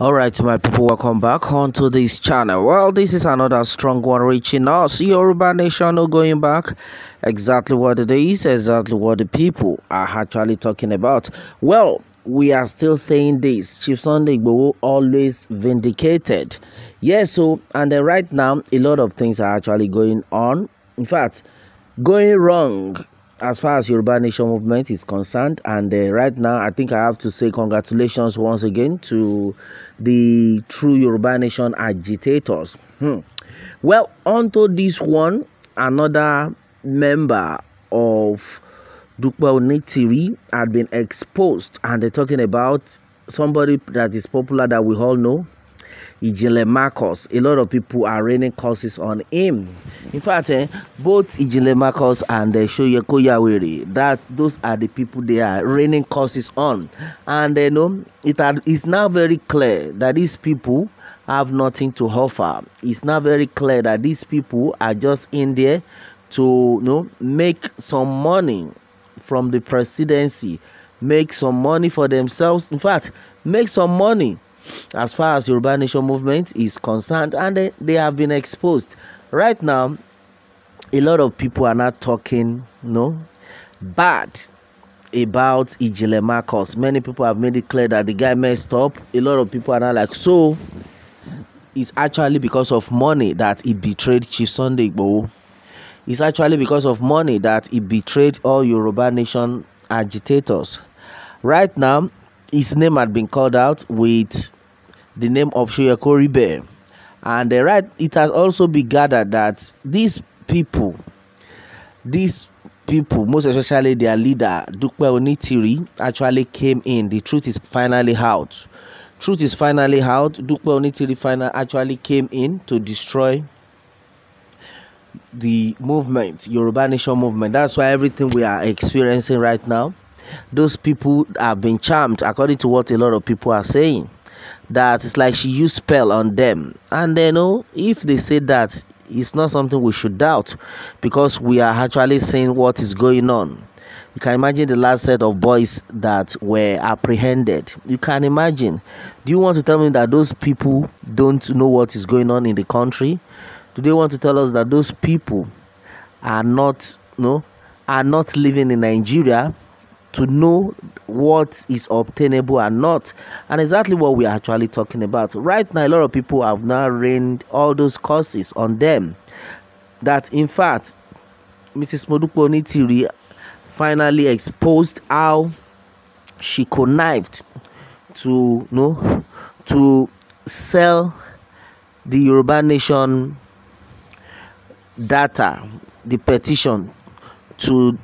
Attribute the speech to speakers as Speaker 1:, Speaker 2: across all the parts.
Speaker 1: all right my people welcome back onto this channel well this is another strong one reaching us yoruba nation no going back exactly what it is exactly what the people are actually talking about well we are still saying this chief sunday will always vindicated yes yeah, so and then right now a lot of things are actually going on in fact going wrong as far as Yoruba Nation movement is concerned. And uh, right now, I think I have to say congratulations once again to the true Yoruba Nation agitators. Hmm. Well, onto this one, another member of Dukwa Onitiri had been exposed, and they're talking about somebody that is popular that we all know, Ijinle Marcos. A lot of people are raining curses on him. In fact, eh, both Ijinle Marcos and uh, eh, Shoyeko Yawere, that those are the people they are raining curses on. And you uh, eh, know, it is now very clear that these people have nothing to offer. It's now very clear that these people are just in there to you know make some money from the presidency, make some money for themselves. In fact, make some money as far as Yoruba Nation movement is concerned, and they, they have been exposed. Right now, a lot of people are not talking, no, bad about Ijile Marcos. Many people have made it clear that the guy messed up. A lot of people are not like, so it's actually because of money that he betrayed Chief Sunday It's actually because of money that he betrayed all Yoruba Nation agitators. Right now, his name had been called out with the name of Shoyoko Ribe. And uh, right, it has also been gathered that these people, these people, most especially their leader, Dukwe Onitiri, actually came in. The truth is finally out. Truth is finally out. Dukwe Onitiri finally actually came in to destroy the movement, Yoruba Nation movement. That's why everything we are experiencing right now those people have been charmed according to what a lot of people are saying that it's like she used spell on them and then know, oh, if they say that it's not something we should doubt because we are actually seeing what is going on you can imagine the last set of boys that were apprehended you can imagine do you want to tell me that those people don't know what is going on in the country do they want to tell us that those people are not you no know, are not living in nigeria to know what is obtainable and not and exactly what we are actually talking about right now a lot of people have now rained all those curses on them that in fact mrs modupo nitiri finally exposed how she connived to you know, to sell the Yoruba Nation data, the petition to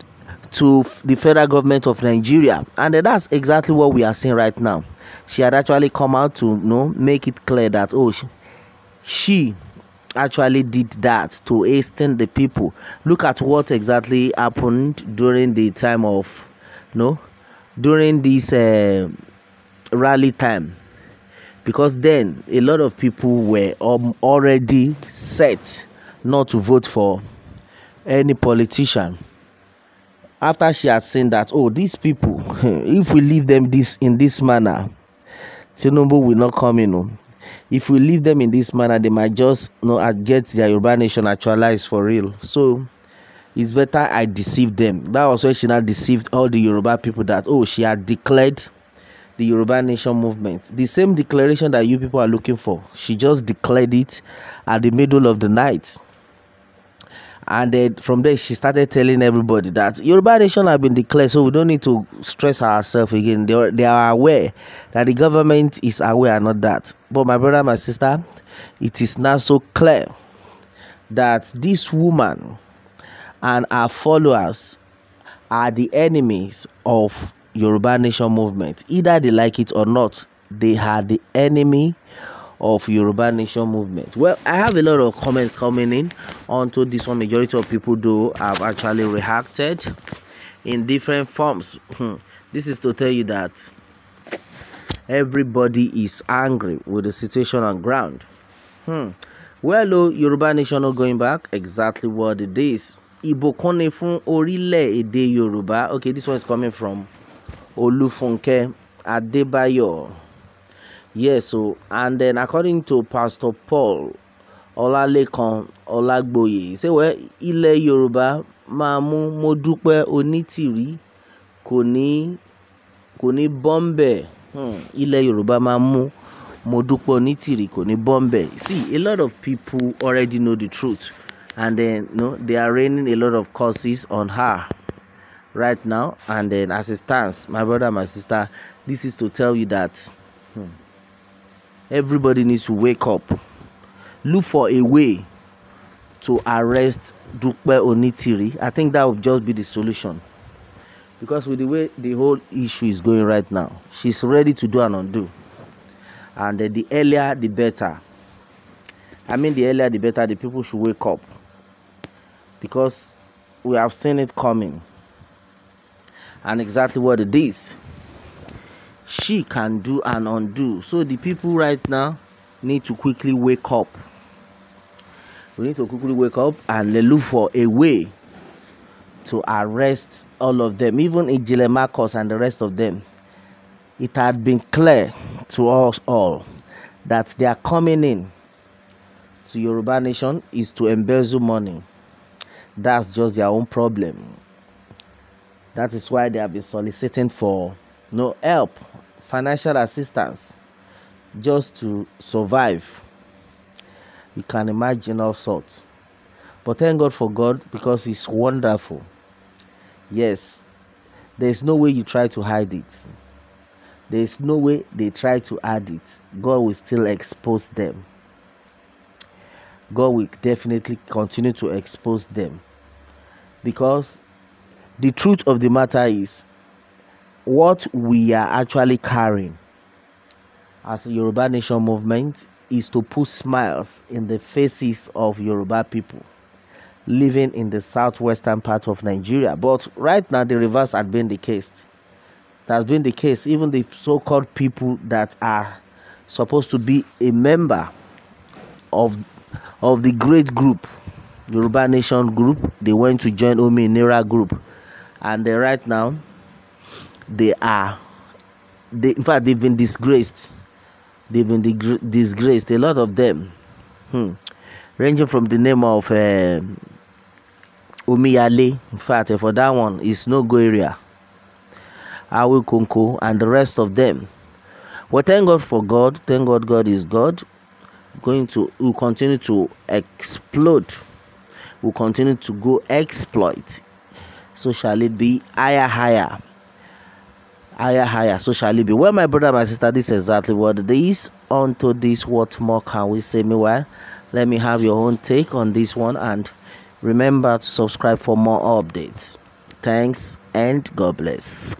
Speaker 1: to the federal government of Nigeria. And that's exactly what we are seeing right now. She had actually come out to you know, make it clear that, oh, she, she actually did that to hasten the people. Look at what exactly happened during the time of, you no, know, during this uh, rally time. Because then a lot of people were um, already set not to vote for any politician. after she had seen that oh these people if we leave them this in this manner tinubu will not come in o oh. if we leave them in this manner they might just you know get their yoruba nation actualized for real so it's better i deceive them that was when she now deceived all the yoruba people that oh she had declared the Yoruba Nation movement. The same declaration that you people are looking for. She just declared it at the middle of the night. and then from there she started telling everybody that Yoruba nation have been declared, so we don't need to stress ourselves again. They are, they are aware that the government is aware, not that. But my brother, my sister, it is now so clear that this woman and her followers are the enemies of Yoruba nation movement. Either they like it or not, they are the enemy of Yoruba Nation movement. Well, I have a lot of comments coming in onto this one. Majority of people do have actually reacted in different forms. Hmm. this is to tell you that everybody is angry with the situation on ground. Hmm. Well, oh, Yoruba Nation not going back. Exactly what it is. Ibokone fun orile ede Yoruba. Okay, this one is coming from Olufunke Adebayo. Yes, so and then according to Pastor Paul Ọlálékan Ọlágbóyè, he say well, ilẹ̀ Yorùbá máa mú mo dúpẹ́ onítìrí kò ní kò ní bọ́m̀bẹ̀ hmm. ilẹ̀ Yorùbá máa mú mo dúpẹ́ onítìrí kò ní bọ́m̀bẹ̀. See, a lot of people already know the truth and then you know, they are raining a lot of curses on her right now and then as it stands, my brother, my sister, this is to tell you that. Hmm everybody needs to wake up look for a way to arrest Dupe Onitiri I think that would just be the solution because with the way the whole issue is going right now she's ready to do and undo and uh, the earlier the better I mean the earlier the better the people should wake up because we have seen it coming and exactly what it is she can do and undo. So the people right now need to quickly wake up. We need to quickly wake up and look for a way to arrest all of them, even Ijile Marcos and the rest of them. It had been clear to us all that their coming in to Yoruba Nation is to embezzle money. That's just their own problem. That is why they have been soliciting for no help financial assistance just to survive. You can imagine all sorts. But thank God for God because He's wonderful. Yes, there's no way you try to hide it. There's no way they try to hide it. God will still expose them. God will definitely continue to expose them. Because the truth of the matter is, what we are actually carrying as a Yoruba Nation movement is to put smiles in the faces of Yoruba people living in the southwestern part of Nigeria. But right now, the reverse had been the case. That's been the case. Even the so called people that are supposed to be a member of, of the great group, Yoruba Nation group, they went to join Omi Nira group. And right now, they are they in fact they've been disgraced they've been disgraced a lot of them hmm. ranging from the name of uh, um, umiyale in fact for that one is no go area awikonko and the rest of them well thank god for god thank god god is god going to will continue to explode will continue to go exploit so shall it be higher higher higher, higher. So shall it be. Well, my brother, my sister, this is exactly what it is. onto this, what more can we say? Meanwhile, let me have your own take on this one and remember to subscribe for more updates. Thanks and God bless.